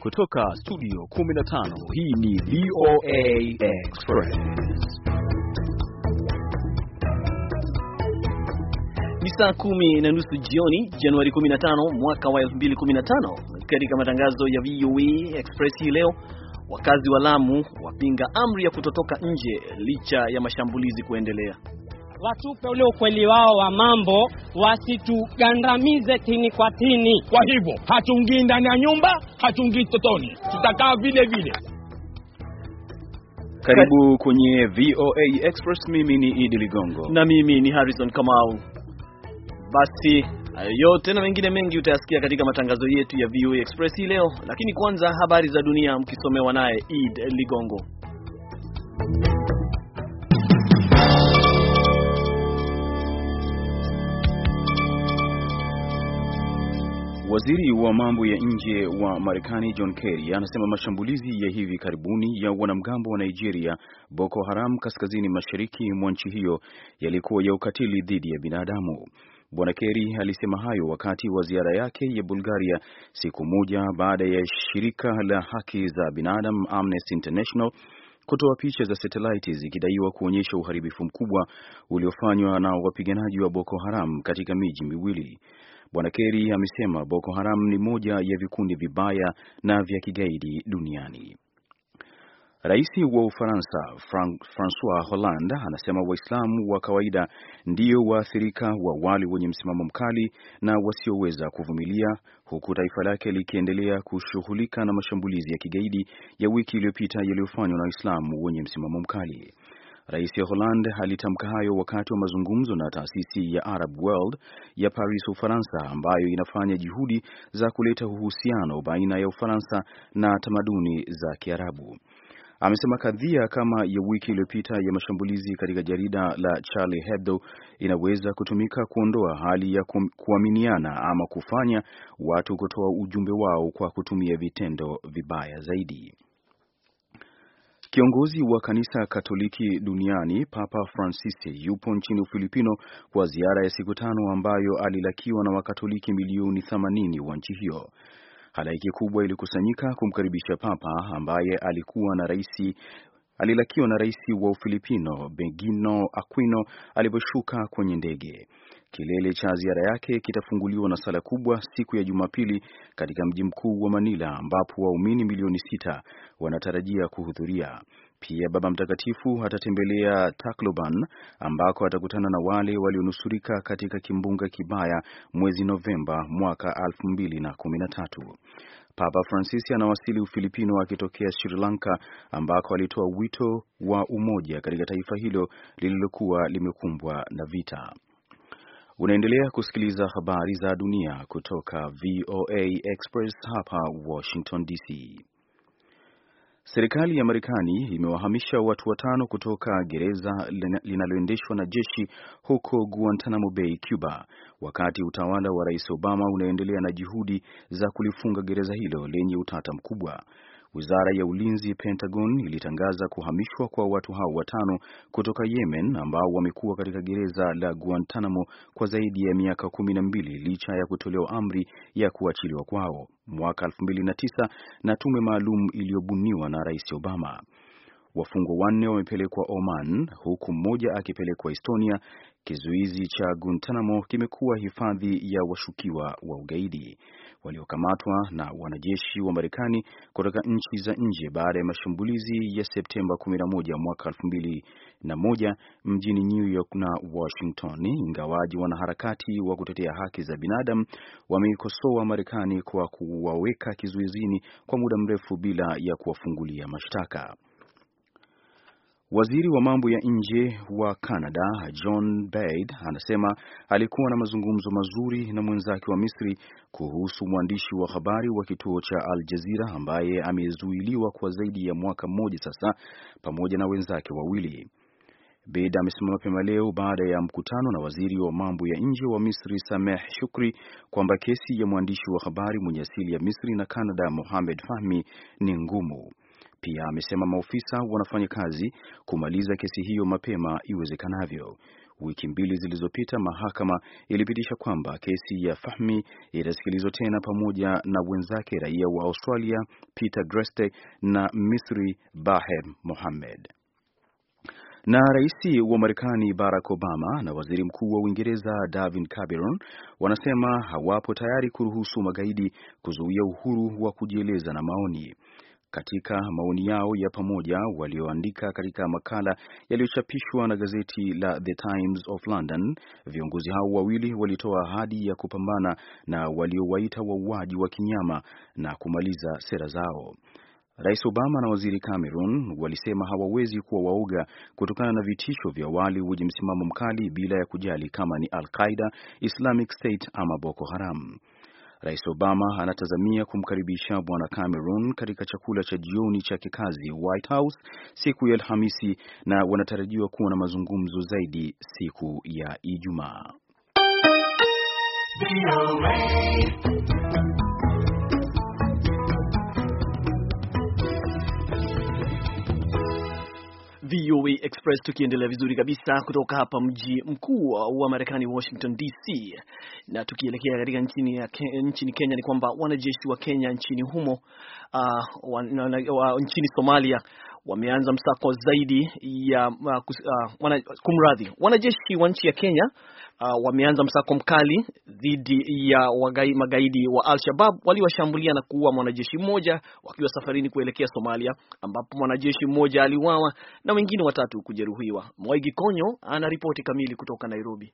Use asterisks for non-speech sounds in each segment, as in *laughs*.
Kutoka studio 15 hii ni VOA Express. Ni saa kumi na nusu jioni Januari 15 mwaka wa 2015. Katika matangazo ya VOA Express hii leo, wakazi wa Lamu wapinga amri ya kutotoka nje licha ya mashambulizi kuendelea watupe ule ukweli wao wa mambo, wasitugandamize tini kwa tini. Kwa hivyo hatungii ndani ya nyumba, hatungii totoni, tutakaa vile vile. Karibu kwenye VOA Express. Mimi ni Idi Ligongo na mimi ni Harrison Kamau. Basi yote na mengine mengi utayasikia katika matangazo yetu ya VOA Express hii leo, lakini kwanza habari za dunia mkisomewa naye Idi Ligongo. Waziri wa mambo ya nje wa Marekani John Kerry anasema mashambulizi ya hivi karibuni ya wanamgambo wa Nigeria Boko Haram kaskazini mashariki mwa nchi hiyo yalikuwa ya ukatili dhidi ya binadamu. Bwana Kerry alisema hayo wakati wa ziara yake ya Bulgaria siku moja baada ya shirika la haki za binadamu Amnesty International kutoa picha za satelaiti zikidaiwa kuonyesha uharibifu mkubwa uliofanywa na wapiganaji wa Boko Haram katika miji miwili. Bwana Kerry amesema Boko Haram ni moja ya vikundi vibaya na vya kigaidi duniani. Rais wa Ufaransa Francois Hollande anasema Waislamu wa kawaida ndio waathirika wa wale wenye msimamo mkali na wasioweza kuvumilia, huku taifa lake likiendelea kushughulika na mashambulizi ya kigaidi ya wiki iliyopita yaliyofanywa na Waislamu wenye msimamo mkali. Rais wa Holland alitamka hayo wakati wa mazungumzo na taasisi ya Arab World ya Paris, Ufaransa, ambayo inafanya juhudi za kuleta uhusiano baina ya Ufaransa na tamaduni za Kiarabu. Amesema kadhia kama ya wiki iliyopita ya mashambulizi katika jarida la Charlie Hebdo inaweza kutumika kuondoa hali ya kuaminiana ama kufanya watu kutoa ujumbe wao kwa kutumia vitendo vibaya zaidi. Kiongozi wa kanisa Katoliki duniani Papa Francis yupo nchini Ufilipino kwa ziara ya siku tano ambayo alilakiwa na Wakatoliki milioni 80 wa nchi hiyo. Halaiki kubwa ilikusanyika kumkaribisha Papa ambaye alikuwa na raisi alilakiwa na rais wa Ufilipino Benigno Aquino aliposhuka kwenye ndege. Kilele cha ziara yake kitafunguliwa na sala kubwa siku ya Jumapili katika mji mkuu wa Manila ambapo waumini milioni sita wanatarajia kuhudhuria. Pia Baba Mtakatifu atatembelea Tacloban ambako atakutana na wale walionusurika katika kimbunga kibaya mwezi Novemba mwaka 2013. Papa Francis anawasili Ufilipino akitokea Sri Lanka ambako alitoa wito wa umoja katika taifa hilo lililokuwa limekumbwa na vita. Unaendelea kusikiliza habari za dunia kutoka VOA Express hapa Washington DC. Serikali ya Marekani imewahamisha watu watano kutoka gereza linaloendeshwa na jeshi huko Guantanamo Bay, Cuba, wakati utawala wa Rais Obama unaendelea na juhudi za kulifunga gereza hilo lenye utata mkubwa. Wizara ya Ulinzi Pentagon ilitangaza kuhamishwa kwa watu hao watano kutoka Yemen ambao wamekuwa katika gereza la Guantanamo kwa zaidi ya miaka kumi na mbili licha ya kutolewa amri ya kuachiliwa kwao mwaka 2009 na tume maalum iliyobuniwa na Rais Obama. Wafungwa wanne wamepelekwa Oman huku mmoja akipelekwa Estonia. Kizuizi cha Guantanamo kimekuwa hifadhi ya washukiwa wa ugaidi waliokamatwa na wanajeshi wa Marekani kutoka nchi za nje baada ya mashambulizi ya Septemba 11 mwaka 2001 mjini New York na Washington. Ingawaji wanaharakati wa kutetea haki za binadamu wameikosoa Marekani kwa kuwaweka kizuizini kwa muda mrefu bila ya kuwafungulia mashtaka. Waziri wa mambo ya nje wa Canada John Baird anasema alikuwa na mazungumzo mazuri na mwenzake wa Misri kuhusu mwandishi wa habari wa kituo cha Al Jazeera ambaye amezuiliwa kwa zaidi ya mwaka mmoja sasa pamoja na wenzake wawili. Baird amesema mapema leo baada ya mkutano na waziri wa mambo ya nje wa Misri Sameh Shukri kwamba kesi ya mwandishi wa habari mwenye asili ya Misri na Canada Mohamed Fahmi ni ngumu. Pia amesema maofisa wanafanya kazi kumaliza kesi hiyo mapema iwezekanavyo. Wiki mbili zilizopita mahakama ilipitisha kwamba kesi ya Fahmi itasikilizwa tena pamoja na wenzake raia wa Australia Peter Greste na Misri Bahem Mohamed. Na rais wa Marekani Barack Obama na waziri mkuu wa Uingereza David Cameron wanasema hawapo tayari kuruhusu magaidi kuzuia uhuru wa kujieleza na maoni katika maoni yao ya pamoja walioandika katika makala yaliyochapishwa na gazeti la The Times of London, viongozi hao wawili walitoa ahadi ya kupambana na waliowaita wauaji wa kinyama na kumaliza sera zao. Rais Obama na Waziri Cameron walisema hawawezi kuwa waoga kutokana na vitisho vya wale wenye msimamo mkali bila ya kujali kama ni Al-Qaeda, Islamic State ama Boko Haram. Rais Obama anatazamia kumkaribisha Bwana Cameron katika chakula cha jioni cha kikazi White House siku ya Alhamisi na wanatarajiwa kuwa na mazungumzo zaidi siku ya Ijumaa. VOA Express tukiendelea vizuri kabisa kutoka hapa mji mkuu wa Marekani, Washington DC, na tukielekea katika nchini, nchini Kenya ni kwamba wanajeshi wa Kenya nchini humo uh, wa, wa, nchini Somalia wameanza msako zaidi ya uh, uh, kumradhi, wanajeshi wa nchi ya Kenya Ah, wameanza msako mkali dhidi ya wagai, magaidi wa Al-Shabab waliwashambulia na kuua mwanajeshi mmoja wakiwa safarini kuelekea Somalia, ambapo mwanajeshi mmoja aliuawa na wengine watatu kujeruhiwa. Mwaigi Konyo ana ripoti kamili kutoka Nairobi.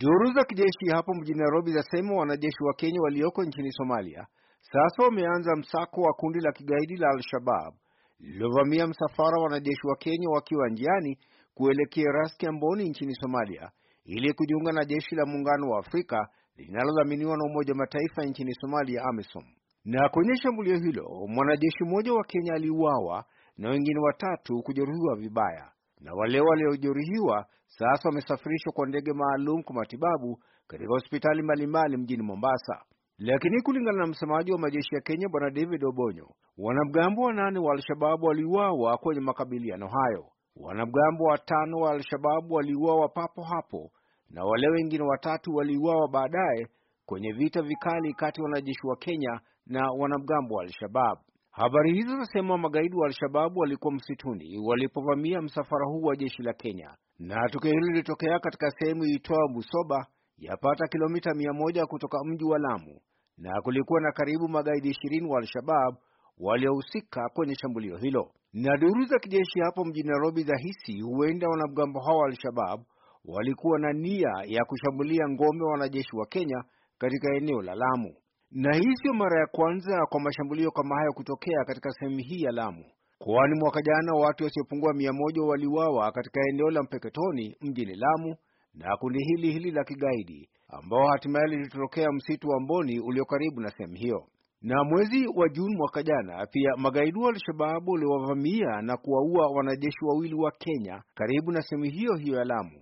Duru za kijeshi hapo mjini Nairobi zasema wanajeshi wa Kenya walioko nchini Somalia sasa wameanza msako wa kundi la kigaidi la Al-Shabab lililovamia msafara wa wanajeshi wa Kenya wakiwa njiani kuelekea Ras Kiamboni nchini Somalia ili kujiunga na jeshi la muungano wa Afrika linalodhaminiwa na Umoja wa Mataifa nchini Somalia, AMISOM. Na kwenye shambulio hilo mwanajeshi mmoja wa Kenya aliuawa na wengine watatu kujeruhiwa vibaya, na wale waliojeruhiwa sasa wamesafirishwa kwa ndege maalum kwa matibabu katika hospitali mbalimbali mjini Mombasa. Lakini kulingana na msemaji wa majeshi ya Kenya Bwana David Obonyo, wanamgambo wanane wa Al-Shababu waliuawa kwenye makabiliano hayo. Wanamgambo watano wa Al-Shababu waliuawa papo hapo na wale wengine watatu waliuawa baadaye kwenye vita vikali kati ya wanajeshi wa Kenya na wanamgambo wa Al-Shabab. Habari hizo zinasema magaidi wa Al-Shabab walikuwa msituni walipovamia msafara huu wa jeshi la Kenya, na tukio hilo lilitokea katika sehemu iitwayo Busoba, yapata kilomita mia moja kutoka mji wa Lamu, na kulikuwa na karibu magaidi ishirini wa Al-Shabab waliohusika kwenye shambulio hilo. Na duru za kijeshi hapo mjini Nairobi za hisi huenda wanamgambo hao wa Al-Shabab walikuwa na nia ya kushambulia ngome wa wanajeshi wa Kenya katika eneo la Lamu. Na hii siyo mara ya kwanza kwa mashambulio kama hayo kutokea katika sehemu hii ya Lamu, kwani mwaka jana watu wasiopungua mia moja waliuawa katika eneo la Mpeketoni mjini Lamu na kundi hili hili la kigaidi ambao hatimaye lilitokea msitu wa Mboni ulio karibu na sehemu hiyo. Na mwezi wa Juni mwaka jana pia magaidi wa Al-Shababu waliwavamia na kuwaua wanajeshi wawili wa Kenya karibu na sehemu hiyo hiyo ya Lamu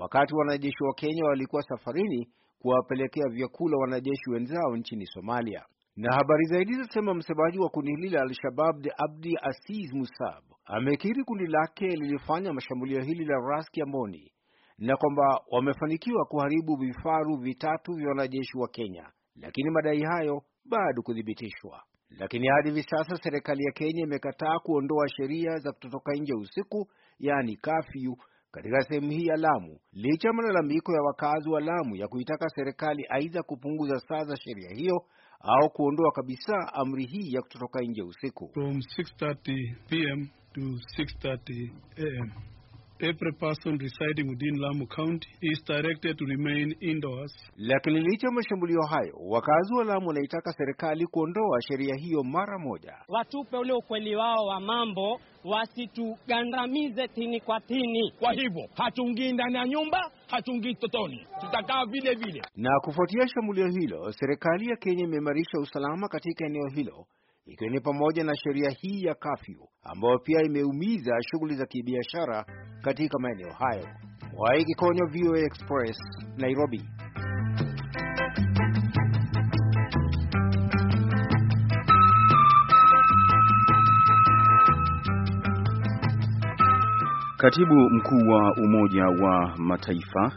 wakati wanajeshi wa Kenya walikuwa safarini kuwapelekea vyakula wanajeshi wenzao nchini Somalia. Na habari zaidi zinasema msemaji wa kundi hili la Al-Shabab Abdi Aziz Musab amekiri kundi lake lilifanya mashambulio hili la Ras Kiamboni na kwamba wamefanikiwa kuharibu vifaru vitatu vya wanajeshi wa Kenya, lakini madai hayo bado kuthibitishwa. Lakini hadi hivi sasa serikali ya Kenya imekataa kuondoa sheria za kutotoka nje usiku, yaani kafyu, katika sehemu hii ya Lamu licha ya malalamiko ya wakazi wa Lamu ya kuitaka serikali aidha kupunguza saa za sheria hiyo au kuondoa kabisa amri hii ya kutotoka nje usiku From 6:30 pm to 6:30 am every person residing within Lamu County is directed to remain indoors. Lakini licha mashambulio hayo, wakazi wa Lamu wanaitaka serikali kuondoa sheria hiyo mara moja, watupe ule ukweli wao wa mambo, wasitugandamize tini kwa tini. Kwa hivyo hatungii ndani ya nyumba, hatungii totoni, tutakaa vile vile. Na kufuatia shambulio hilo, serikali ya Kenya imeimarisha usalama katika eneo hilo ikiwa ni pamoja na sheria hii ya kafyu ambayo pia imeumiza shughuli za kibiashara katika maeneo hayo. Waiki Konyo, VOA Express, Nairobi. Katibu mkuu wa Umoja wa Mataifa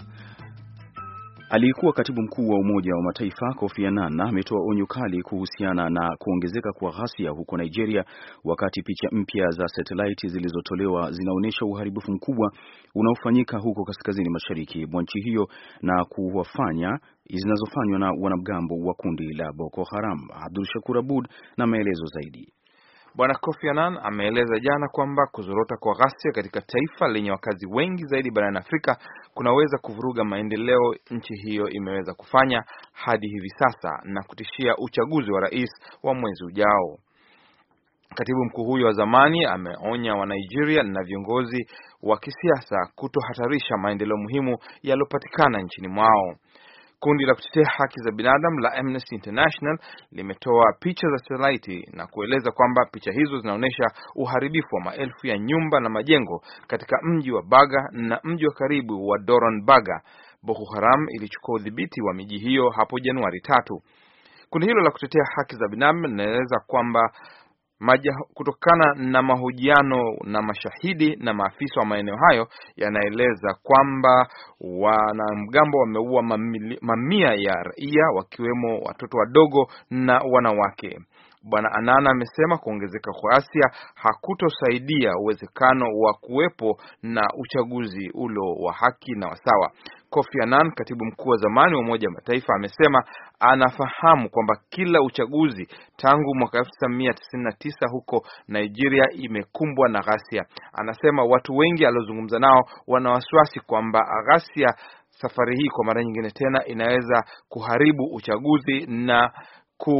Aliyekuwa katibu mkuu wa Umoja wa Mataifa Kofi Annan ametoa onyo kali kuhusiana na kuongezeka kwa ghasia huko Nigeria, wakati picha mpya za satelaiti zilizotolewa zinaonyesha uharibifu mkubwa unaofanyika huko kaskazini mashariki mwa nchi hiyo na kuwafanya zinazofanywa na wanamgambo wa kundi la Boko Haram. Abdul Shakur Abud na maelezo zaidi. Bwana Kofi Annan ameeleza jana kwamba kuzorota kwa ghasia katika taifa lenye wakazi wengi zaidi barani Afrika kunaweza kuvuruga maendeleo nchi hiyo imeweza kufanya hadi hivi sasa na kutishia uchaguzi wa rais wa mwezi ujao. Katibu mkuu huyo wa zamani ameonya wa Nigeria na viongozi wa kisiasa kutohatarisha maendeleo muhimu yaliyopatikana nchini mwao. Kundi la kutetea haki za binadamu la Amnesty International limetoa picha za satelaiti na kueleza kwamba picha hizo zinaonyesha uharibifu wa maelfu ya nyumba na majengo katika mji wa Baga na mji wa karibu wa Doron Baga. Boko Haram ilichukua udhibiti wa miji hiyo hapo Januari tatu. Kundi hilo la kutetea haki za binadamu linaeleza kwamba Maja, kutokana na mahojiano na mashahidi na maafisa wa maeneo hayo yanaeleza kwamba wanamgambo wameua mamia ya raia wakiwemo watoto wadogo na wanawake. Bwana Anana amesema kuongezeka kwa Asia hakutosaidia uwezekano wa kuwepo na uchaguzi ulo wa haki na wasawa. Kofi Annan, katibu mkuu wa zamani wa Umoja wa Mataifa, amesema anafahamu kwamba kila uchaguzi tangu mwaka 1999 huko Nigeria imekumbwa na ghasia. Anasema watu wengi aliozungumza nao wana wasiwasi kwamba ghasia safari hii kwa mara nyingine tena inaweza kuharibu uchaguzi na ku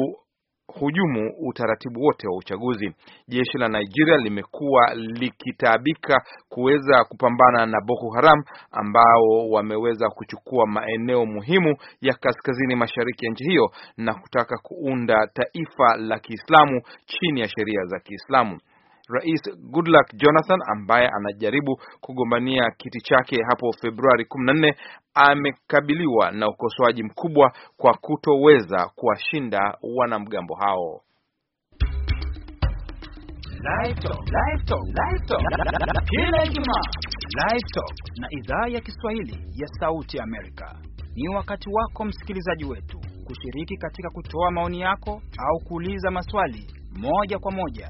hujumu utaratibu wote wa uchaguzi. Jeshi la Nigeria limekuwa likitaabika kuweza kupambana na Boko Haram ambao wameweza kuchukua maeneo muhimu ya kaskazini mashariki ya nchi hiyo na kutaka kuunda taifa la Kiislamu chini ya sheria za Kiislamu. Rais Goodluck Jonathan ambaye anajaribu kugombania kiti chake hapo Februari 14 amekabiliwa na ukosoaji mkubwa kwa kutoweza kuwashinda wanamgambo hao. Kila Ijumaa Live Talk na idhaa ya Kiswahili ya Sauti Amerika ni wakati wako msikilizaji wetu kushiriki katika kutoa maoni yako au kuuliza maswali moja kwa moja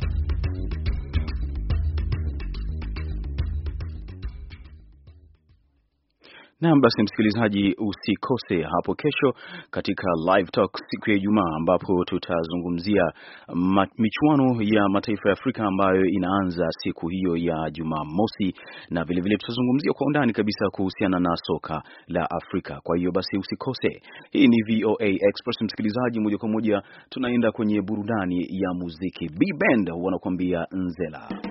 Naam, basi msikilizaji, usikose hapo kesho katika Live Talk siku ya Ijumaa, ambapo tutazungumzia michuano ya mataifa ya Afrika ambayo inaanza siku hiyo ya Jumamosi, na vilevile tutazungumzia kwa undani kabisa kuhusiana na soka la Afrika. Kwa hiyo basi usikose. Hii ni VOA Express, msikilizaji, moja kwa moja tunaenda kwenye burudani ya muziki. B Band wanakuambia Nzela.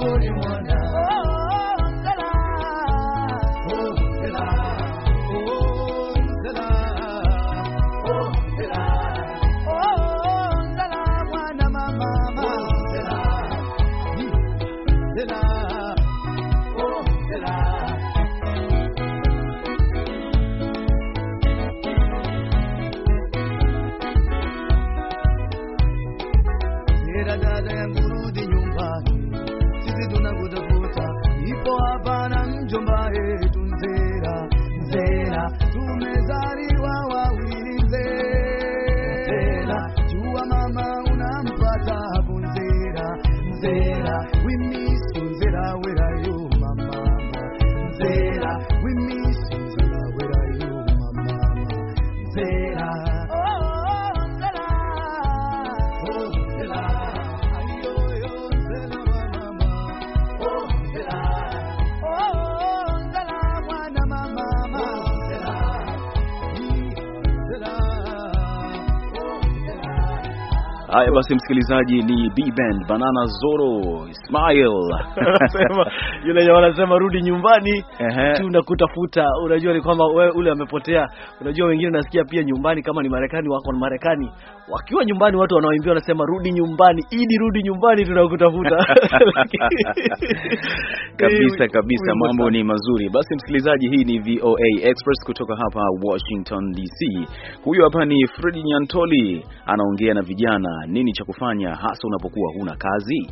41 Haya basi, msikilizaji, ni B Band Banana Zoro Smile. *laughs* anasema yule wanasema rudi nyumbani tunakutafuta. Unajua ni kwamba wewe ule amepotea. Unajua wengine nasikia pia nyumbani, kama ni Marekani, wako na Marekani, wakiwa nyumbani, watu wanaoimbia wanasema rudi nyumbani, Idi rudi nyumbani, tunakutafuta *laughs* *laughs* kabisa kabisa. Mambo ni mazuri. Basi msikilizaji, hii ni VOA Express kutoka hapa Washington DC. Huyu hapa ni fred Nyantoli anaongea na vijana nini cha kufanya hasa unapokuwa huna kazi?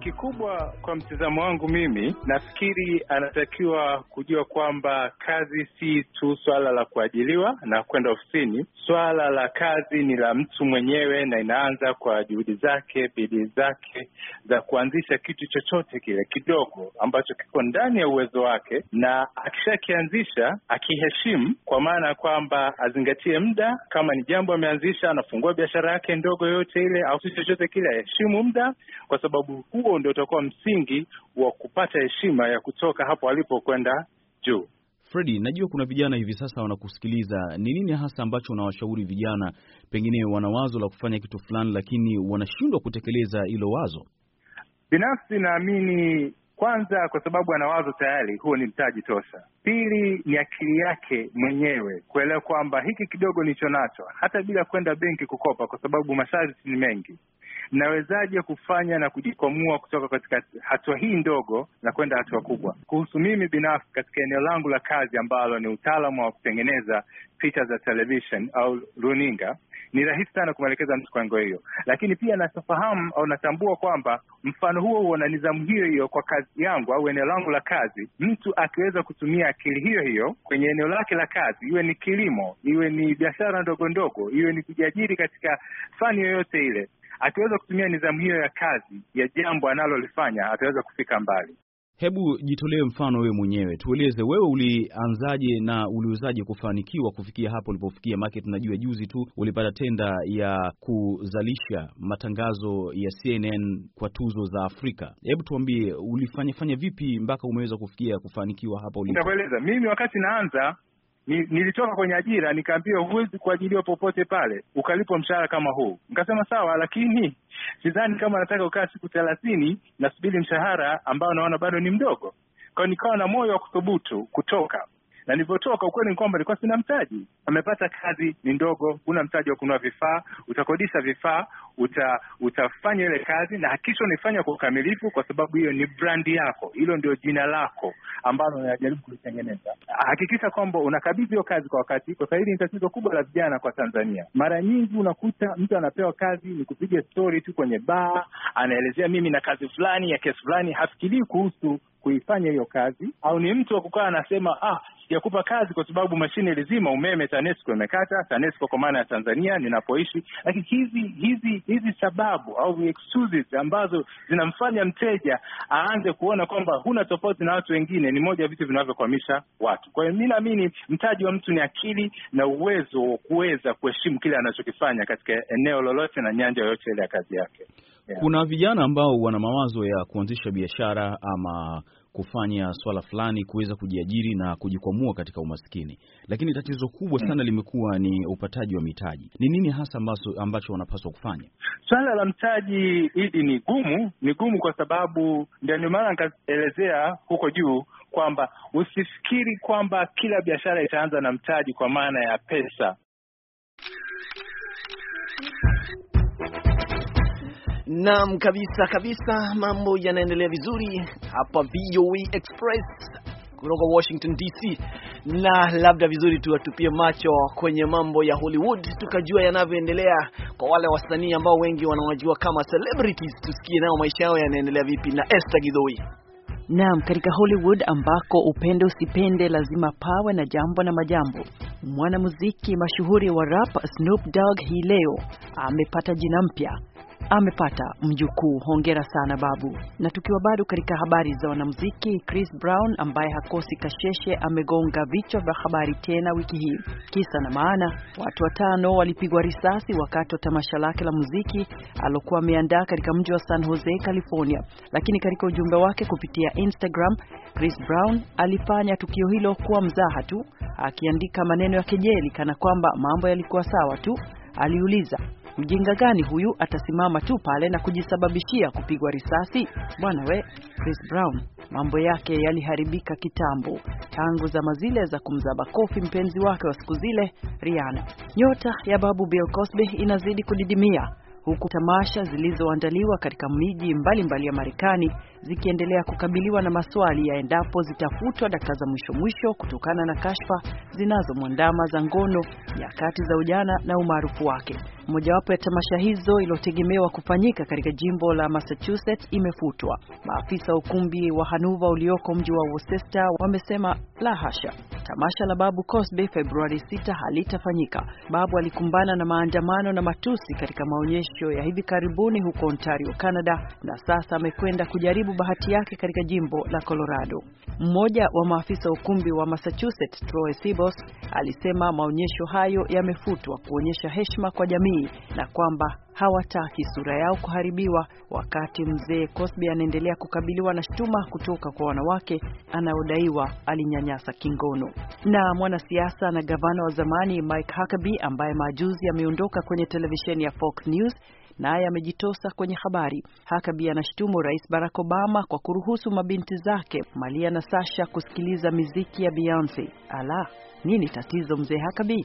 Kikubwa kwa mtizamo wangu mimi, nafikiri anatakiwa kujua kwamba kazi si tu swala la kuajiliwa na kwenda ofisini. Swala la kazi ni la mtu mwenyewe, na inaanza kwa juhudi zake, bidii zake za kuanzisha kitu chochote kile kidogo ambacho kiko ndani ya uwezo wake, na akishakianzisha akiheshimu, kwa maana ya kwamba azingatie muda. Kama ni jambo ameanzisha, anafungua biashara yake ndogo yoyote ile au si chochote kile, aheshimu muda, kwa sababu huo huo ndio utakuwa msingi wa kupata heshima ya kutoka hapo alipo kwenda juu. Fredi, najua kuna vijana hivi sasa wanakusikiliza. Ni nini hasa ambacho unawashauri vijana? Pengine wana wazo la kufanya kitu fulani, lakini wanashindwa kutekeleza hilo wazo. Binafsi naamini kwanza kwa sababu ana wazo tayari, huo ni mtaji tosha. Pili ni akili yake mwenyewe kuelewa kwamba hiki kidogo nilicho nacho, hata bila kwenda benki kukopa, kwa sababu masharti ni mengi, nawezaje kufanya na kujikwamua kutoka katika hatua hii ndogo na kwenda hatua kubwa. Kuhusu mimi binafsi, katika eneo langu la kazi ambalo ni utaalamu wa kutengeneza picha za television au runinga ni rahisi sana kumwelekeza mtu kwa njia hiyo, lakini pia nafahamu au natambua kwamba mfano huo huo na nidhamu hiyo hiyo kwa kazi yangu au eneo langu la kazi, mtu akiweza kutumia akili hiyo hiyo kwenye eneo lake la kazi, iwe ni kilimo, iwe ni biashara ndogo ndogo, iwe ni kujiajiri katika fani yoyote ile, akiweza kutumia nidhamu hiyo ya kazi ya jambo analolifanya ataweza kufika mbali. Hebu jitolee mfano wewe mwenyewe, tueleze wewe ulianzaje na uliuzaje kufanikiwa kufikia hapo ulipofikia? Maana tunajua juzi tu ulipata tenda ya kuzalisha matangazo ya CNN kwa tuzo za Afrika. Hebu tuambie ulifanyafanya vipi mpaka umeweza kufikia kufanikiwa hapo ulipo? Nitakueleza mimi wakati naanza ni, nilitoka kwenye ajira nikaambiwa huwezi kuajiriwa popote pale ukalipwa mshahara kama huu. Nikasema sawa, lakini sidhani kama nataka ukaa siku thelathini nasubiri mshahara ambao naona bado ni mdogo. kwao nikawa na moyo wa kuthubutu kutoka na nilivyotoka, ukweli ni kwamba nilikuwa sina mtaji. Amepata kazi ni ndogo, huna mtaji wa kununua vifaa, utakodisha vifaa, uta, utafanya ile kazi na hakikisha unaifanya kwa ukamilifu, kwa sababu hiyo ni brandi yako, hilo ndio jina lako ambalo unajaribu kulitengeneza. Hakikisha kwamba unakabidhi hiyo kazi kwa wakati, kwa sababu hili ni tatizo kubwa la vijana kwa Tanzania. Mara nyingi unakuta mtu anapewa kazi ni kupiga stori tu kwenye baa, anaelezea mimi na kazi fulani ya kesi fulani, hafikirii kuhusu kuifanya hiyo kazi, au ni mtu wa kukaa anasema ah, sijakupa kazi kwa sababu mashine ilizima umeme, TANESCO imekata. TANESCO kwa maana ya Tanzania ninapoishi. Lakini hizi hizi hizi sababu au excuses ambazo zinamfanya mteja aanze kuona kwamba huna tofauti na watu wengine ni moja ya vitu vinavyokwamisha watu. Kwa hiyo mi naamini mtaji wa mtu ni akili na uwezo wa kuweza kuheshimu kile anachokifanya katika eneo lolote na nyanja yoyote ile ya kazi yake. Kuna vijana ambao wana mawazo ya kuanzisha biashara ama kufanya swala fulani kuweza kujiajiri na kujikwamua katika umaskini, lakini tatizo kubwa hmm. sana limekuwa ni upataji wa mitaji. Ni nini hasa ambacho, ambacho wanapaswa kufanya? Swala la mtaji hili ni gumu, ni gumu kwa sababu ndio maana nikaelezea huko juu kwamba usifikiri kwamba kila biashara itaanza na mtaji kwa maana ya pesa Naam, kabisa kabisa, mambo yanaendelea vizuri hapa VOA Express kutoka Washington DC, na labda vizuri tuwatupie macho kwenye mambo ya Hollywood tukajua yanavyoendelea kwa wale wasanii ambao wengi wanawajua kama celebrities, tusikie nao maisha yao yanaendelea vipi na Esther Gidoi. Naam, katika Hollywood ambako upende usipende lazima pawe na jambo na majambo. Mwanamuziki mashuhuri wa rap Snoop Dogg hii leo amepata jina mpya amepata mjukuu. Hongera sana babu. Na tukiwa bado katika habari za wanamuziki, Chris Brown ambaye hakosi kasheshe amegonga vichwa vya habari tena wiki hii. Kisa na maana, watu watano walipigwa risasi wakati wa tamasha lake la muziki alokuwa ameandaa katika mji wa San Jose, California. Lakini katika ujumbe wake kupitia Instagram, Chris Brown alifanya tukio hilo kuwa mzaha tu, akiandika maneno ya kejeli kana kwamba mambo yalikuwa sawa tu. Aliuliza, Mjinga gani huyu atasimama tu pale na kujisababishia kupigwa risasi? Bwana we, Chris Brown mambo yake yaliharibika kitambo, tangu zama zile za kumzaba kofi mpenzi wake wa siku zile Rihanna. Nyota ya babu Bill Cosby inazidi kudidimia huku tamasha zilizoandaliwa katika miji mbalimbali ya Marekani zikiendelea kukabiliwa na maswali ya endapo zitafutwa dakika za mwisho mwisho kutokana na kashfa zinazomwandama za ngono, nyakati za ujana na umaarufu wake. Mojawapo ya tamasha hizo iliyotegemewa kufanyika katika jimbo la Massachusetts imefutwa. Maafisa wa ukumbi wa Hanuva ulioko mji wa Worcester wamesema la hasha, tamasha la Babu Cosby Februari 6 halitafanyika. Babu alikumbana na maandamano na matusi katika maonyesho ya hivi karibuni huko Ontario, Canada, na sasa amekwenda kujaribu bahati yake katika jimbo la Colorado. Mmoja wa maafisa ukumbi wa Massachusetts Troy Sibos alisema maonyesho hayo yamefutwa kuonyesha heshima kwa jamii jamii na kwamba hawataki sura yao kuharibiwa, wakati mzee Cosby anaendelea kukabiliwa na shutuma kutoka kwa wanawake anaodaiwa alinyanyasa kingono. Na mwanasiasa na gavana wa zamani Mike Huckabee ambaye majuzi ameondoka kwenye televisheni ya Fox News naye amejitosa kwenye habari. Huckabee anashutumu Rais Barack Obama kwa kuruhusu mabinti zake Malia na Sasha kusikiliza miziki ya Beyonce. Ala, nini tatizo mzee Huckabee?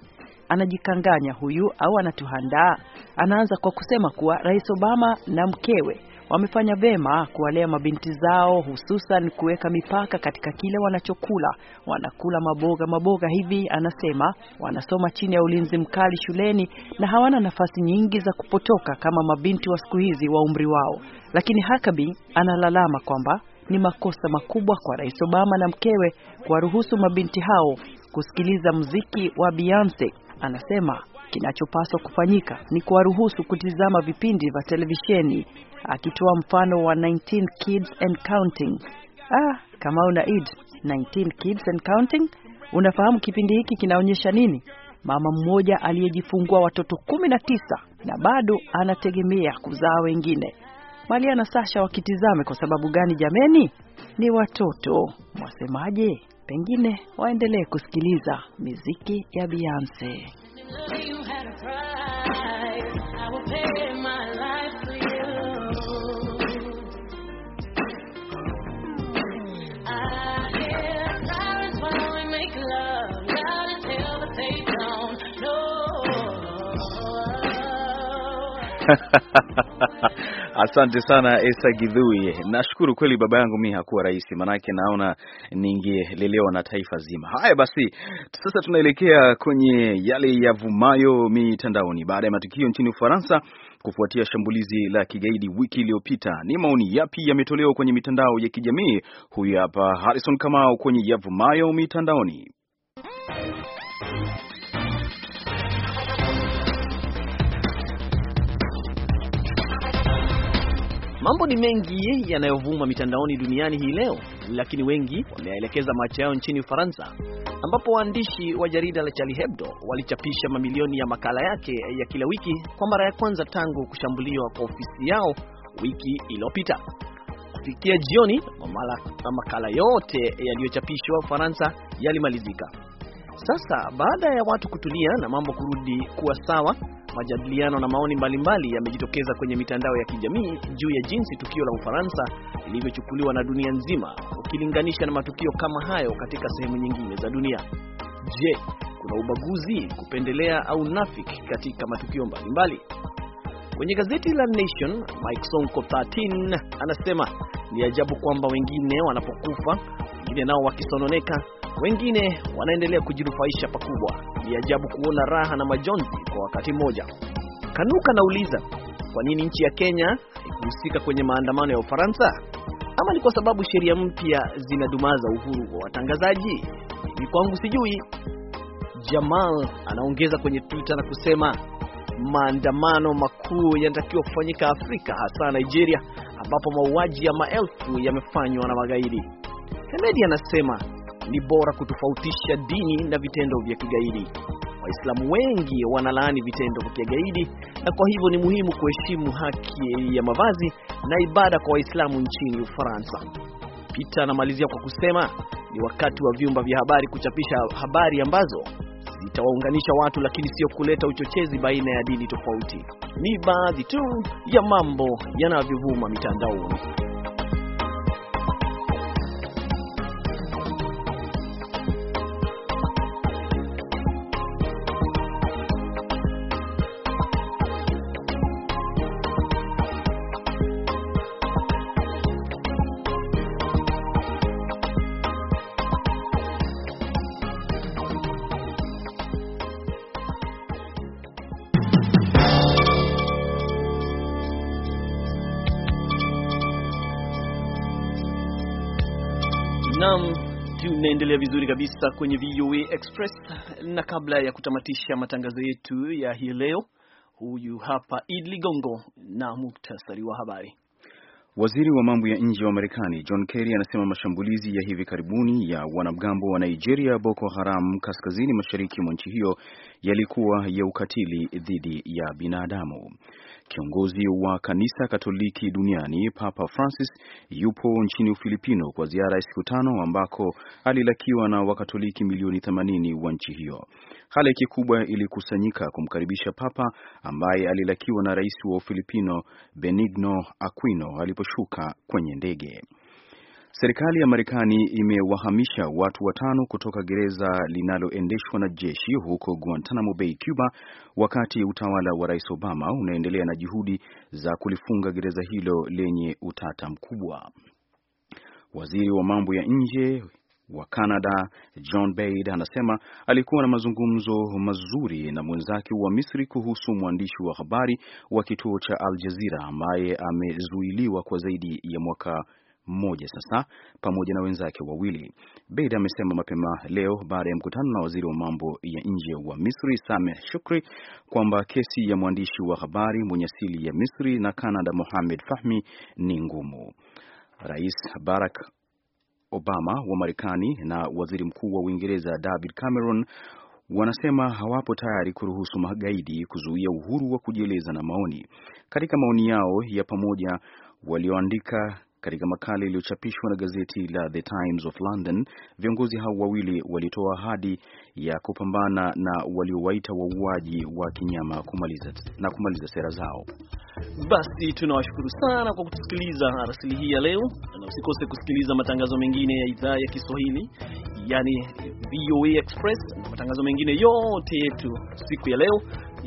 anajikanganya huyu au anatuhandaa? Anaanza kwa kusema kuwa Rais Obama na mkewe wamefanya vema kuwalea mabinti zao, hususan kuweka mipaka katika kile wanachokula. Wanakula maboga maboga hivi, anasema wanasoma chini ya ulinzi mkali shuleni na hawana nafasi nyingi za kupotoka kama mabinti wa siku hizi wa umri wao. Lakini Huckabee analalama kwamba ni makosa makubwa kwa Rais Obama na mkewe kuwaruhusu mabinti hao kusikiliza muziki wa Beyonce Anasema kinachopaswa kufanyika ni kuwaruhusu kutizama vipindi vya televisheni, akitoa mfano wa 19 Kids and Counting. Ah, kama una id 19 Kids and Counting, unafahamu kipindi hiki kinaonyesha nini? Mama mmoja aliyejifungua watoto kumi na tisa na bado anategemea kuzaa wengine. Malia na Sasha wakitizame kwa sababu gani jameni? ni watoto. Wasemaje? Pengine waendelee kusikiliza miziki ya Beyonce. *laughs* *laughs* Asante sana Esa Gidhui, nashukuru kweli. Baba yangu mi hakuwa rais, manake naona ningelelewa na taifa zima. Haya basi, sasa tunaelekea kwenye yale yavumayo mitandaoni baada ya matukio nchini Ufaransa kufuatia shambulizi la kigaidi wiki iliyopita. Ni maoni yapi yametolewa kwenye mitandao ya kijamii? Huyu hapa Harrison Kamau kwenye yavumayo mitandaoni. Mambo ni mengi yanayovuma mitandaoni duniani hii leo, lakini wengi wameelekeza macho yao nchini Ufaransa, ambapo waandishi wa jarida la Charlie Hebdo walichapisha mamilioni ya makala yake ya kila wiki kwa mara ya kwanza tangu kushambuliwa kwa ofisi yao wiki iliyopita. Kufikia jioni, makala yote yaliyochapishwa Ufaransa yalimalizika. Sasa baada ya watu kutulia na mambo kurudi kuwa sawa, majadiliano na maoni mbalimbali yamejitokeza kwenye mitandao ya kijamii juu ya jinsi tukio la Ufaransa lilivyochukuliwa na dunia nzima ukilinganisha na matukio kama hayo katika sehemu nyingine za dunia. Je, kuna ubaguzi, kupendelea au nafiki katika matukio mbalimbali mbali? Kwenye gazeti la Nation, Mike Sonko 13 anasema ni ajabu kwamba wengine wanapokufa, wengine nao wakisononeka wengine wanaendelea kujinufaisha pakubwa. Ni ajabu kuona raha na majonzi kwa wakati mmoja. Kanuka nauliza, kwa nini nchi ya Kenya haikuhusika kwenye maandamano ya Ufaransa? Ama ni kwa sababu sheria mpya zinadumaza uhuru wa watangazaji? ni kwangu sijui. Jamal anaongeza kwenye Twitter na kusema maandamano makuu yanatakiwa kufanyika Afrika, hasa Nigeria ambapo mauaji ya maelfu yamefanywa na magaidi. Hemedi anasema ni bora kutofautisha dini na vitendo vya kigaidi. Waislamu wengi wanalaani vitendo vya kigaidi, na kwa hivyo ni muhimu kuheshimu haki ya mavazi na ibada kwa Waislamu nchini Ufaransa. Peter anamalizia kwa kusema ni wakati wa vyumba vya habari kuchapisha habari ambazo zitawaunganisha watu, lakini sio kuleta uchochezi baina ya dini tofauti. Ni baadhi tu ya mambo yanavyovuma mitandaoni. Unaendelea vizuri kabisa kwenye VOA Express, na kabla ya kutamatisha matangazo yetu ya hii leo, huyu hapa Id Ligongo na muktasari wa habari. Waziri wa mambo ya nje wa Marekani John Kerry anasema mashambulizi ya hivi karibuni ya wanamgambo wa Nigeria Boko Haram kaskazini mashariki mwa nchi hiyo yalikuwa ya ukatili dhidi ya binadamu. Kiongozi wa kanisa Katoliki duniani Papa Francis yupo nchini Ufilipino kwa ziara ya siku tano ambako alilakiwa na Wakatoliki milioni 80 wa nchi hiyo. Haliki kubwa ilikusanyika kumkaribisha Papa ambaye alilakiwa na rais wa Ufilipino Benigno Aquino aliposhuka kwenye ndege. Serikali ya Marekani imewahamisha watu watano kutoka gereza linaloendeshwa na jeshi huko Guantanamo Bay, Cuba, wakati utawala wa Rais Obama unaendelea na juhudi za kulifunga gereza hilo lenye utata mkubwa. Waziri wa mambo ya nje wa Canada John Baird anasema alikuwa na mazungumzo mazuri na mwenzake wa Misri kuhusu mwandishi wa habari wa kituo cha Al Jazeera ambaye amezuiliwa kwa zaidi ya mwaka mmoja sasa pamoja na wenzake wawili. Baird amesema mapema leo baada ya mkutano na waziri wa mambo ya nje wa Misri Sameh Shukri kwamba kesi ya mwandishi wa habari mwenye asili ya Misri na Canada Mohamed Fahmi ni ngumu. Rais Barack Obama wa Marekani na waziri mkuu wa Uingereza David Cameron wanasema hawapo tayari kuruhusu magaidi kuzuia uhuru wa kujieleza na maoni. Katika maoni yao ya pamoja walioandika katika makala iliyochapishwa na gazeti la The Times of London, viongozi hao wawili walitoa ahadi ya kupambana na waliowaita wauaji wa kinyama kumaliza, na kumaliza sera zao. Basi tunawashukuru sana kwa kutusikiliza rasili hii ya leo, na usikose kusikiliza matangazo mengine ya idhaa ya Kiswahili yani VOA Express na matangazo mengine yote yetu siku ya leo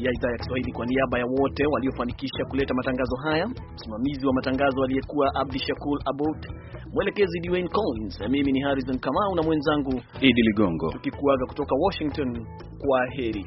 ya idhaa ya Kiswahili. Kwa niaba ya wote waliofanikisha kuleta matangazo haya, msimamizi wa matangazo aliyekuwa Abdi Shakur Abud, mwelekezi Dwayne Collins, mimi ni Harrison Kamau na mwenzangu Idi Ligongo, tukikuaga kutoka Washington. Kwa heri.